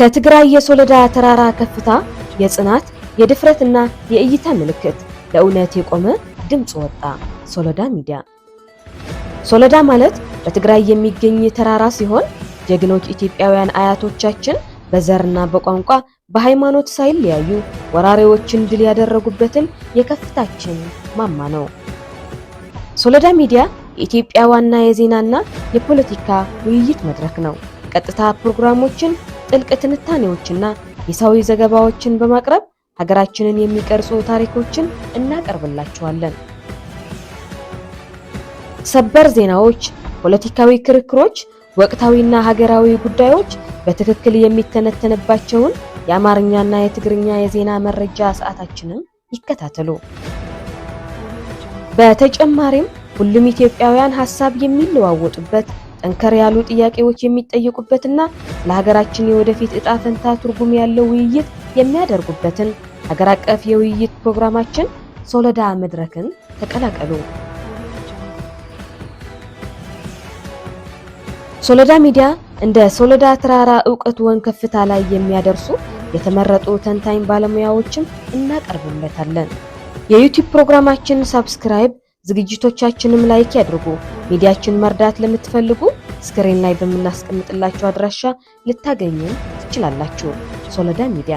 ከትግራይ የሶለዳ ተራራ ከፍታ የጽናት የድፍረትና የእይታ ምልክት ለእውነት የቆመ ድምፅ ወጣ። ሶለዳ ሚዲያ። ሶለዳ ማለት በትግራይ የሚገኝ ተራራ ሲሆን ጀግኖች ኢትዮጵያውያን አያቶቻችን በዘርና በቋንቋ በሃይማኖት ሳይለያዩ ወራሪዎችን ድል ያደረጉበትን የከፍታችን ማማ ነው። ሶለዳ ሚዲያ የኢትዮጵያ ዋና የዜናና የፖለቲካ ውይይት መድረክ ነው። ቀጥታ ፕሮግራሞችን ጥልቅ ትንታኔዎችና የሳዊ ዘገባዎችን በማቅረብ ሀገራችንን የሚቀርጹ ታሪኮችን እናቀርብላችኋለን። ሰበር ዜናዎች፣ ፖለቲካዊ ክርክሮች፣ ወቅታዊና ሀገራዊ ጉዳዮች በትክክል የሚተነተንባቸውን የአማርኛና የትግርኛ የዜና መረጃ ሰዓታችንን ይከታተሉ። በተጨማሪም ሁሉም ኢትዮጵያውያን ሀሳብ የሚለዋወጡበት ጠንከር ያሉ ጥያቄዎች የሚጠየቁበትና ለሀገራችን የወደፊት እጣ ፈንታ ትርጉም ያለው ውይይት የሚያደርጉበትን ሀገር አቀፍ የውይይት ፕሮግራማችን ሶለዳ መድረክን ተቀላቀሉ። ሶለዳ ሚዲያ እንደ ሶለዳ ተራራ እውቀት ወን ከፍታ ላይ የሚያደርሱ የተመረጡ ተንታኝ ባለሙያዎችን እናቀርብለታለን። የዩቲዩብ ፕሮግራማችን ሰብስክራይብ ዝግጅቶቻችንም ላይክ ያድርጉ። ሚዲያችን መርዳት ለምትፈልጉ ስክሪን ላይ በምናስቀምጥላችሁ አድራሻ ልታገኙ ትችላላችሁ። ሶለዳ ሚዲያ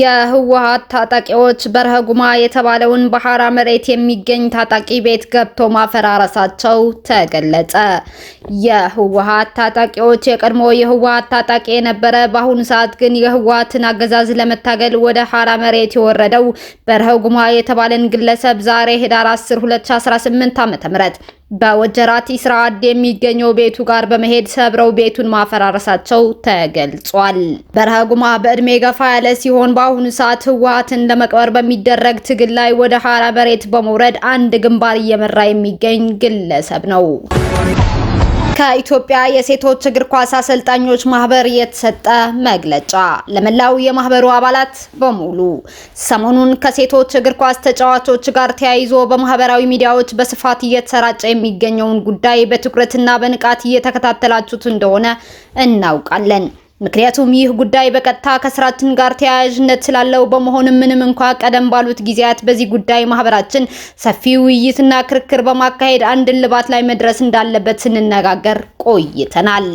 የህወሀት ታጣቂዎች በርሀ ጉማ የተባለውን በሀራ መሬት የሚገኝ ታጣቂ ቤት ገብቶ ማፈራረሳቸው ተገለጸ። የህወሀት ታጣቂዎች የቀድሞ የህወሀት ታጣቂ የነበረ በአሁኑ ሰዓት ግን የህወሀትን አገዛዝ ለመታገል ወደ ሀራ መሬት የወረደው በርሀ ጉማ የተባለን ግለሰብ ዛሬ ህዳር 10 2018 ዓ.ም በወጀራት ስራአድ የሚገኘው ቤቱ ጋር በመሄድ ሰብረው ቤቱን ማፈራረሳቸው ተገልጿል። በረሃጉማ በእድሜ ገፋ ያለ ሲሆን በአሁኑ ሰዓት ህወሀትን ለመቅበር በሚደረግ ትግል ላይ ወደ ሀራ መሬት በመውረድ አንድ ግንባር እየመራ የሚገኝ ግለሰብ ነው። ከኢትዮጵያ የሴቶች እግር ኳስ አሰልጣኞች ማህበር የተሰጠ መግለጫ ለመላው የማህበሩ አባላት በሙሉ። ሰሞኑን ከሴቶች እግር ኳስ ተጫዋቾች ጋር ተያይዞ በማህበራዊ ሚዲያዎች በስፋት እየተሰራጨ የሚገኘውን ጉዳይ በትኩረትና በንቃት እየተከታተላችሁት እንደሆነ እናውቃለን። ምክንያቱም ይህ ጉዳይ በቀጥታ ከስራችን ጋር ተያያዥነት ስላለው በመሆኑ ምንም እንኳ ቀደም ባሉት ጊዜያት በዚህ ጉዳይ ማህበራችን ሰፊ ውይይትና ክርክር በማካሄድ አንድ እልባት ላይ መድረስ እንዳለበት ስንነጋገር ቆይተናል።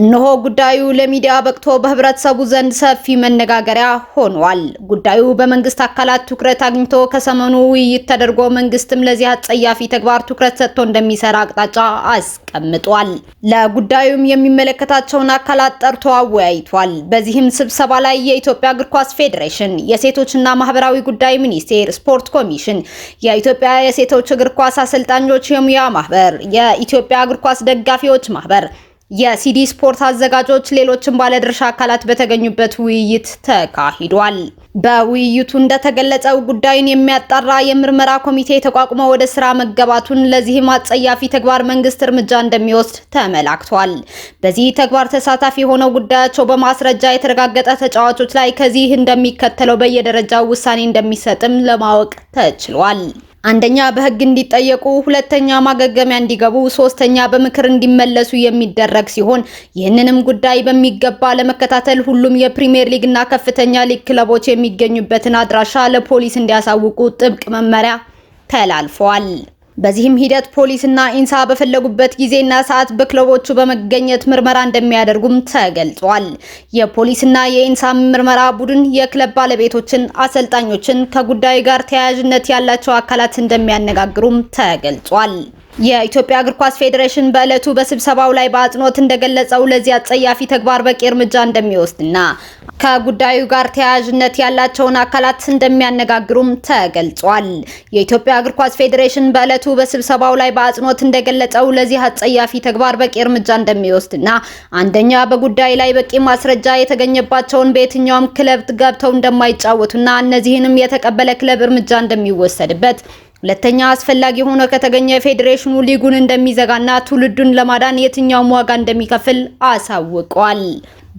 እነሆ ጉዳዩ ለሚዲያ በቅቶ በህብረተሰቡ ዘንድ ሰፊ መነጋገሪያ ሆኗል። ጉዳዩ በመንግስት አካላት ትኩረት አግኝቶ ከሰሞኑ ውይይት ተደርጎ መንግስትም ለዚህ አጸያፊ ተግባር ትኩረት ሰጥቶ እንደሚሰራ አቅጣጫ አስቀምጧል። ለጉዳዩም የሚመለከታቸውን አካላት ጠርቶ አወያይቷል። በዚህም ስብሰባ ላይ የኢትዮጵያ እግር ኳስ ፌዴሬሽን፣ የሴቶችና ማህበራዊ ጉዳይ ሚኒስቴር፣ ስፖርት ኮሚሽን፣ የኢትዮጵያ የሴቶች እግር ኳስ አሰልጣኞች የሙያ ማህበር፣ የኢትዮጵያ እግር ኳስ ደጋፊዎች ማህበር የሲዲ ስፖርት አዘጋጆች ሌሎችን ባለድርሻ አካላት በተገኙበት ውይይት ተካሂዷል። በውይይቱ እንደተገለጸው ጉዳዩን የሚያጣራ የምርመራ ኮሚቴ ተቋቁሞ ወደ ስራ መገባቱን፣ ለዚህም አጸያፊ ተግባር መንግስት እርምጃ እንደሚወስድ ተመላክቷል። በዚህ ተግባር ተሳታፊ የሆነው ጉዳያቸው በማስረጃ የተረጋገጠ ተጫዋቾች ላይ ከዚህ እንደሚከተለው በየደረጃው ውሳኔ እንደሚሰጥም ለማወቅ ተችሏል። አንደኛ በህግ እንዲጠየቁ፣ ሁለተኛ ማገገሚያ እንዲገቡ፣ ሶስተኛ በምክር እንዲመለሱ የሚደረግ ሲሆን ይህንንም ጉዳይ በሚገባ ለመከታተል ሁሉም የፕሪሚየር ሊግ እና ከፍተኛ ሊግ ክለቦች የሚገኙበትን አድራሻ ለፖሊስ እንዲያሳውቁ ጥብቅ መመሪያ ተላልፏል። በዚህም ሂደት ፖሊስና ኢንሳ በፈለጉበት ጊዜና ሰዓት በክለቦቹ በመገኘት ምርመራ እንደሚያደርጉም ተገልጿል። የፖሊስና የኢንሳ ምርመራ ቡድን የክለብ ባለቤቶችን፣ አሰልጣኞችን ከጉዳዩ ጋር ተያያዥነት ያላቸው አካላት እንደሚያነጋግሩም ተገልጿል። የኢትዮጵያ እግር ኳስ ፌዴሬሽን በዕለቱ በስብሰባው ላይ በአጽንኦት እንደገለጸው ለዚህ አጸያፊ ተግባር በቂ እርምጃ እንደሚወስድና ከጉዳዩ ጋር ተያያዥነት ያላቸውን አካላት እንደሚያነጋግሩም ተገልጿል። የኢትዮጵያ እግር ኳስ ፌዴሬሽን በዕለቱ በስብሰባው ላይ በአጽንኦት እንደገለጸው ለዚህ አጸያፊ ተግባር በቂ እርምጃ እንደሚወስድና አንደኛ፣ በጉዳይ ላይ በቂ ማስረጃ የተገኘባቸውን በየትኛውም ክለብ ገብተው እንደማይጫወቱና እነዚህንም የተቀበለ ክለብ እርምጃ እንደሚወሰድበት ሁለተኛ አስፈላጊ ሆኖ ከተገኘ ፌዴሬሽኑ ሊጉን እንደሚዘጋና ትውልዱን ለማዳን የትኛውም ዋጋ እንደሚከፍል አሳውቋል።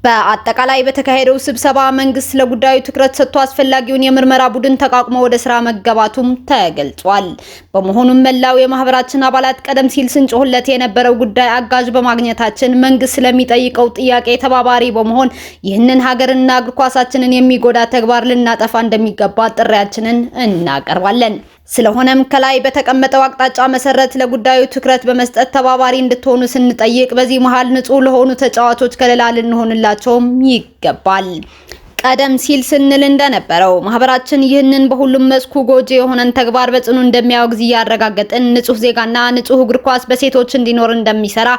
በአጠቃላይ በተካሄደው ስብሰባ መንግስት ለጉዳዩ ትኩረት ሰጥቶ አስፈላጊውን የምርመራ ቡድን ተቋቁሞ ወደ ስራ መገባቱም ተገልጿል። በመሆኑም መላው የማህበራችን አባላት ቀደም ሲል ስንጮህለት የነበረው ጉዳይ አጋዥ በማግኘታችን መንግስት ስለሚጠይቀው ጥያቄ ተባባሪ በመሆን ይህንን ሀገርና እግር ኳሳችንን የሚጎዳ ተግባር ልናጠፋ እንደሚገባ ጥሪያችንን እናቀርባለን። ስለሆነም ከላይ በተቀመጠው አቅጣጫ መሰረት ለጉዳዩ ትኩረት በመስጠት ተባባሪ እንድትሆኑ ስንጠይቅ፣ በዚህ መሃል ንጹህ ለሆኑ ተጫዋቾች ከለላ ልንሆንላቸውም ይገባል። ቀደም ሲል ስንል እንደነበረው ማህበራችን ይህንን በሁሉም መስኩ ጎጂ የሆነን ተግባር በጽኑ እንደሚያወግዝ እያረጋገጥን ንጹህ ዜጋና ንጹህ እግር ኳስ በሴቶች እንዲኖር እንደሚሰራ፣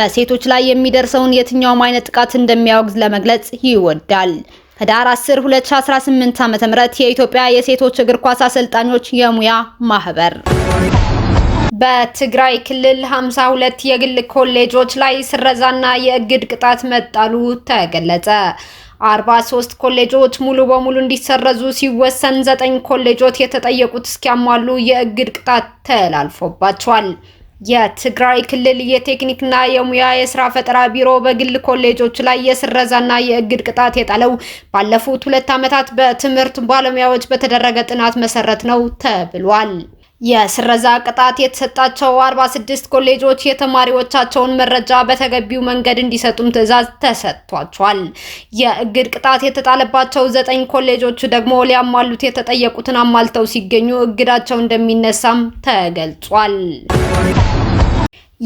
በሴቶች ላይ የሚደርሰውን የትኛውም አይነት ጥቃት እንደሚያወግዝ ለመግለጽ ይወዳል። ህዳር 10 2018 ዓ.ም የኢትዮጵያ የሴቶች እግር ኳስ አሰልጣኞች የሙያ ማህበር በትግራይ ክልል 52 የግል ኮሌጆች ላይ ስረዛና የእግድ ቅጣት መጣሉ ተገለጸ። 43 ኮሌጆች ሙሉ በሙሉ እንዲሰረዙ ሲወሰን፣ ዘጠኝ ኮሌጆች የተጠየቁት እስኪያሟሉ የእግድ ቅጣት ተላልፎባቸዋል። የትግራይ ክልል የቴክኒክና የሙያ የስራ ፈጠራ ቢሮ በግል ኮሌጆች ላይ የስረዛና የእግድ ቅጣት የጣለው ባለፉት ሁለት ዓመታት በትምህርት ባለሙያዎች በተደረገ ጥናት መሰረት ነው ተብሏል። የስረዛ ቅጣት የተሰጣቸው 46 ኮሌጆች የተማሪዎቻቸውን መረጃ በተገቢው መንገድ እንዲሰጡም ትዕዛዝ ተሰጥቷቸዋል። የእግድ ቅጣት የተጣለባቸው ዘጠኝ ኮሌጆች ደግሞ ሊያሟሉት የተጠየቁትን አሟልተው ሲገኙ እግዳቸው እንደሚነሳም ተገልጿል።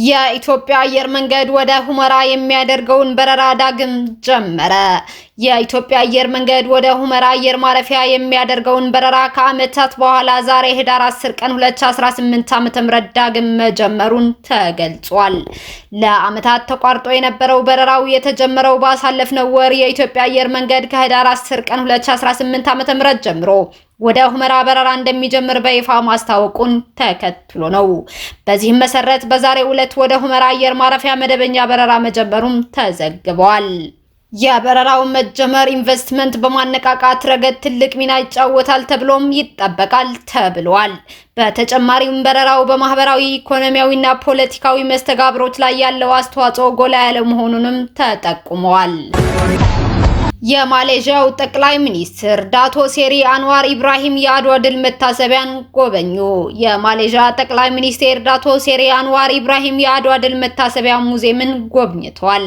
የኢትዮጵያ አየር መንገድ ወደ ሁመራ የሚያደርገውን በረራ ዳግም ጀመረ። የኢትዮጵያ አየር መንገድ ወደ ሁመራ አየር ማረፊያ የሚያደርገውን በረራ ከዓመታት በኋላ ዛሬ ህዳር 10 ቀን 2018 ዓ.ም ዳግም መጀመሩን ተገልጿል። ለዓመታት ተቋርጦ የነበረው በረራው የተጀመረው ባሳለፍነው ወር የኢትዮጵያ አየር መንገድ ከህዳር 10 ቀን 2018 ዓ.ም ጀምሮ ወደ ሁመራ በረራ እንደሚጀምር በይፋ ማስታወቁን ተከትሎ ነው። በዚህም መሰረት በዛሬው ዕለት ወደ ሁመራ አየር ማረፊያ መደበኛ በረራ መጀመሩም ተዘግበዋል። የበረራው መጀመር ኢንቨስትመንት በማነቃቃት ረገድ ትልቅ ሚና ይጫወታል ተብሎም ይጠበቃል ተብሏል። በተጨማሪም በረራው በማህበራዊ ኢኮኖሚያዊና ፖለቲካዊ መስተጋብሮች ላይ ያለው አስተዋጽኦ ጎላ ያለ መሆኑንም ተጠቁመዋል። የማሌዥያው ጠቅላይ ሚኒስትር ዳቶ ሴሪ አንዋር ኢብራሂም የአድዋ ድል መታሰቢያን ጎበኙ። የማሌዥያ ጠቅላይ ሚኒስትር ዳቶ ሴሪ አንዋር ኢብራሂም የአድዋ ድል መታሰቢያ ሙዚየምን ጎብኝቷል።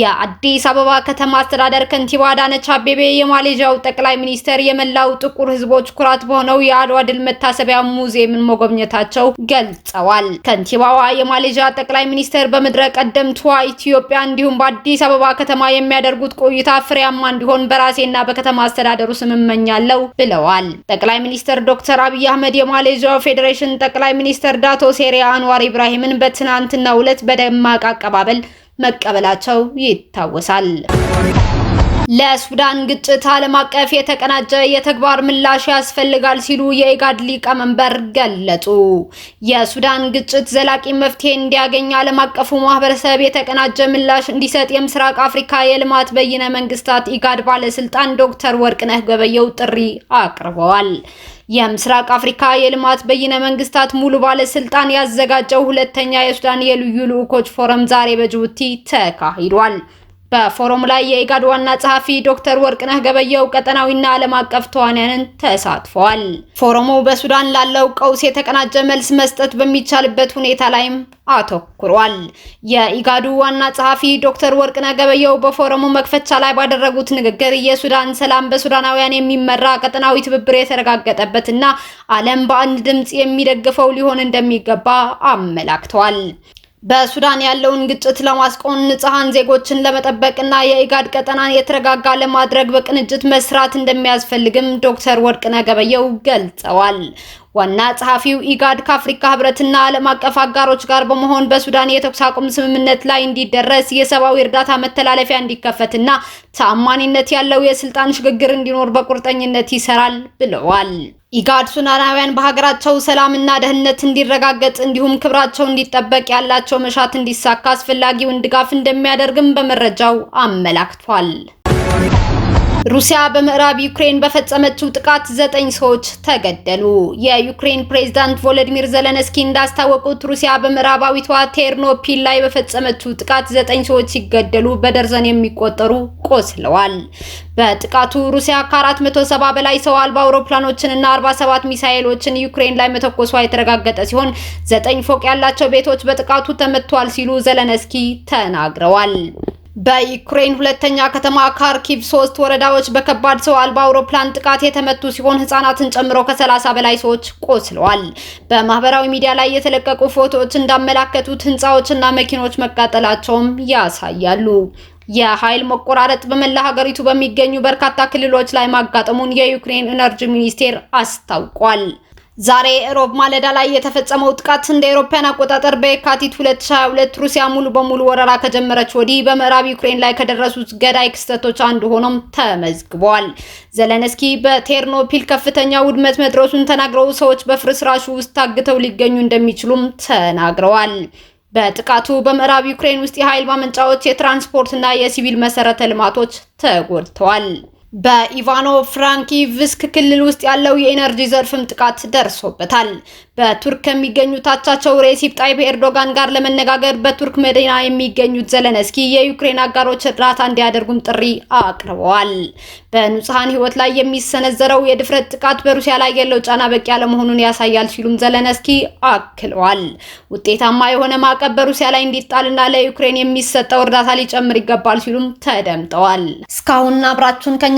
የአዲስ አበባ ከተማ አስተዳደር ከንቲባ አዳነች አቤቤ የማሌዥያው ጠቅላይ ሚኒስትር የመላው ጥቁር ሕዝቦች ኩራት በሆነው የአድዋ ድል መታሰቢያ ሙዚየምን መጎብኘታቸው ገልጸዋል። ከንቲባዋ የማሌዥያ ጠቅላይ ሚኒስትር በምድረ ቀደምቷ ኢትዮጵያ እንዲሁም በአዲስ አበባ ከተማ የሚያደርጉት ቆይታ ፍሬያ ውጤታማ እንዲሆን በራሴና በከተማ አስተዳደሩ ስም እመኛለሁ ብለዋል። ጠቅላይ ሚኒስትር ዶክተር አብይ አህመድ የማሌዥያ ፌዴሬሽን ጠቅላይ ሚኒስትር ዳቶ ሴሪ አንዋር ኢብራሂምን በትናንትናው ዕለት በደማቅ አቀባበል መቀበላቸው ይታወሳል። ለሱዳን ግጭት ዓለም አቀፍ የተቀናጀ የተግባር ምላሽ ያስፈልጋል ሲሉ የኢጋድ ሊቀመንበር ገለጹ። የሱዳን ግጭት ዘላቂ መፍትሄ እንዲያገኝ ዓለም አቀፉ ማህበረሰብ የተቀናጀ ምላሽ እንዲሰጥ የምስራቅ አፍሪካ የልማት በይነ መንግስታት ኢጋድ ባለስልጣን ዶክተር ወርቅነህ ገበየው ጥሪ አቅርበዋል። የምስራቅ አፍሪካ የልማት በይነ መንግስታት ሙሉ ባለስልጣን ያዘጋጀው ሁለተኛ የሱዳን የልዩ ልዑኮች ፎረም ዛሬ በጅቡቲ ተካሂዷል። በፎረሙ ላይ የኢጋድ ዋና ጸሐፊ ዶክተር ወርቅነህ ገበየው ቀጠናዊና ዓለም አቀፍ ተዋንያንን ተሳትፈዋል። ፎረሙ በሱዳን ላለው ቀውስ የተቀናጀ መልስ መስጠት በሚቻልበት ሁኔታ ላይም አተኩሯል። የኢጋዱ ዋና ጸሐፊ ዶክተር ወርቅነህ ገበየው በፎረሙ መክፈቻ ላይ ባደረጉት ንግግር የሱዳን ሰላም በሱዳናውያን የሚመራ ቀጠናዊ ትብብር የተረጋገጠበትና ዓለም በአንድ ድምፅ የሚደግፈው ሊሆን እንደሚገባ አመላክተዋል። በሱዳን ያለውን ግጭት ለማስቆም ንጹሃን ዜጎችን ለመጠበቅና የኢጋድ ቀጠናን የተረጋጋ ለማድረግ በቅንጅት መስራት እንደሚያስፈልግም ዶክተር ወርቅነህ ገበየሁ ገልጸዋል። ዋና ጸሐፊው ኢጋድ ከአፍሪካ ህብረትና ዓለም አቀፍ አጋሮች ጋር በመሆን በሱዳን የተኩስ አቁም ስምምነት ላይ እንዲደረስ የሰብአዊ እርዳታ መተላለፊያ እንዲከፈትና ተአማኒነት ያለው የስልጣን ሽግግር እንዲኖር በቁርጠኝነት ይሰራል ብለዋል። ኢጋድ ሱዳናውያን በሀገራቸው ሰላምና ደህንነት እንዲረጋገጥ እንዲሁም ክብራቸው እንዲጠበቅ ያላቸው መሻት እንዲሳካ አስፈላጊውን ድጋፍ እንደሚያደርግም በመረጃው አመላክቷል። ሩሲያ በምዕራብ ዩክሬን በፈጸመችው ጥቃት ዘጠኝ ሰዎች ተገደሉ። የዩክሬን ፕሬዝዳንት ቮሎዲሚር ዘለንስኪ እንዳስታወቁት ሩሲያ በምዕራባዊቷ ቴርኖፒል ላይ በፈጸመችው ጥቃት ዘጠኝ ሰዎች ሲገደሉ በደርዘን የሚቆጠሩ ቆስለዋል። በጥቃቱ ሩሲያ ከ470 በላይ ሰው አልባ አውሮፕላኖችን እና 47 ሚሳኤሎችን ዩክሬን ላይ መተኮሷ የተረጋገጠ ሲሆን ዘጠኝ ፎቅ ያላቸው ቤቶች በጥቃቱ ተመቷል ሲሉ ዘለንስኪ ተናግረዋል። በዩክሬን ሁለተኛ ከተማ ካርኪቭ ሶስት ወረዳዎች በከባድ ሰው አልባ አውሮፕላን ጥቃት የተመቱ ሲሆን ህጻናትን ጨምሮ ከሰላሳ በላይ ሰዎች ቆስለዋል። በማህበራዊ ሚዲያ ላይ የተለቀቁ ፎቶዎች እንዳመላከቱት ህንጻዎችና መኪኖች መቃጠላቸውም ያሳያሉ። የኃይል መቆራረጥ በመላ ሀገሪቱ በሚገኙ በርካታ ክልሎች ላይ ማጋጠሙን የዩክሬን ኢነርጂ ሚኒስቴር አስታውቋል። ዛሬ ሮብ ማለዳ ላይ የተፈጸመው ጥቃት እንደ አውሮፓውያን አቆጣጠር በየካቲት 2022 ሩሲያ ሙሉ በሙሉ ወረራ ከጀመረች ወዲህ በምዕራብ ዩክሬን ላይ ከደረሱት ገዳይ ክስተቶች አንዱ ሆኖም ተመዝግቧል። ዘለንስኪ በቴርኖፒል ከፍተኛ ውድመት መድረሱን ተናግረው ሰዎች በፍርስራሹ ውስጥ ታግተው ሊገኙ እንደሚችሉም ተናግረዋል። በጥቃቱ በምዕራብ ዩክሬን ውስጥ የኃይል ማመንጫዎች፣ የትራንስፖርት እና የሲቪል መሰረተ ልማቶች ተጎድተዋል። በኢቫኖ ፍራንኪቭስክ ክልል ውስጥ ያለው የኢነርጂ ዘርፍም ጥቃት ደርሶበታል። በቱርክ ከሚገኙት አቻቸው ሬሲፕ ጣይብ ኤርዶጋን ጋር ለመነጋገር በቱርክ መዲና የሚገኙት ዘለንስኪ የዩክሬን አጋሮች እርዳታ እንዲያደርጉም ጥሪ አቅርበዋል። በንጹሐን ሕይወት ላይ የሚሰነዘረው የድፍረት ጥቃት በሩሲያ ላይ ያለው ጫና በቂ ያለመሆኑን ያሳያል ሲሉም ዘለንስኪ አክለዋል። ውጤታማ የሆነ ማዕቀብ በሩሲያ ላይ እንዲጣልና ለዩክሬን የሚሰጠው እርዳታ ሊጨምር ይገባል ሲሉም ተደምጠዋል። እስካሁን አብራችሁን ከኛ